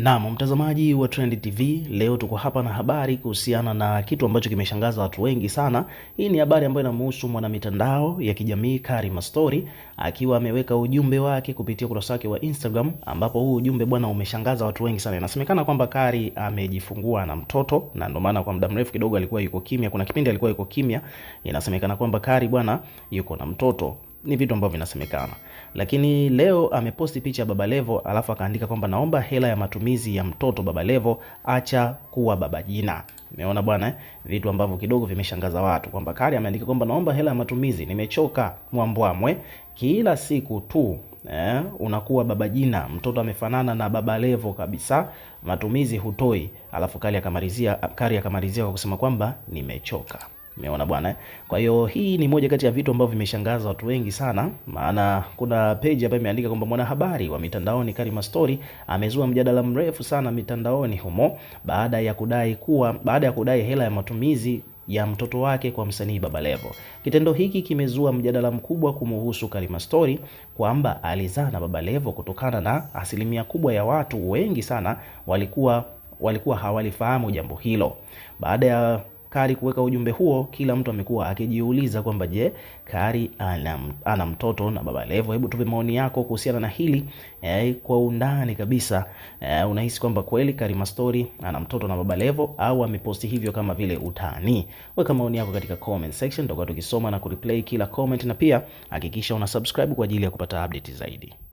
Naam, mtazamaji wa Trend TV, leo tuko hapa na habari kuhusiana na kitu ambacho kimeshangaza watu wengi sana. Hii ni habari ambayo inamhusu mwanamitandao ya kijamii Karima Story akiwa ameweka ujumbe wake kupitia ukurasa wake wa Instagram, ambapo huu ujumbe bwana umeshangaza watu wengi sana. Inasemekana kwamba Kari amejifungua na mtoto, na ndio maana kwa muda mrefu kidogo alikuwa yuko kimya. Kuna kipindi alikuwa yuko kimya. Inasemekana kwamba Kari bwana yuko na mtoto ni vitu ambavyo vinasemekana, lakini leo ameposti picha ya Baba Levo alafu akaandika kwamba naomba hela ya matumizi ya mtoto Baba Levo, acha kuwa baba jina. Umeona bwana, eh? vitu ambavyo kidogo vimeshangaza watu, kwamba Kari ameandika kwamba naomba hela ya matumizi, nimechoka mwambwamwe kila siku tu eh, unakuwa baba jina, mtoto amefanana na Baba Levo kabisa, matumizi hutoi. Alafu Kari akamalizia, Kari akamalizia kwa kusema kwamba nimechoka. Umeona bwana eh? Kwa hiyo hii ni moja kati ya vitu ambavyo vimeshangaza watu wengi sana, maana kuna page hapa imeandika kwamba mwanahabari wa mitandaoni Karima Story amezua mjadala mrefu sana mitandaoni humo baada ya kudai kuwa baada ya kudai hela ya matumizi ya mtoto wake kwa msanii Levo. Kitendo hiki kimezua mjadala mkubwa kumuhusu Karima Story kwamba alizaa na Levo kutokana na asilimia kubwa ya watu wengi sana walikuwa walikuwa hawalifahamu jambo hilo. Baada ya Kari kuweka ujumbe huo, kila mtu amekuwa akijiuliza kwamba je, Kari ana, ana mtoto na Baba Levo? Hebu tupe maoni yako kuhusiana na hili eh, kwa undani kabisa eh, unahisi kwamba kweli Kari Mastori ana mtoto na Baba Levo au ameposti hivyo kama vile utani? Weka maoni yako katika comment section, tutakuwa tukisoma na kureplay kila comment, na pia hakikisha una subscribe kwa ajili ya kupata update zaidi.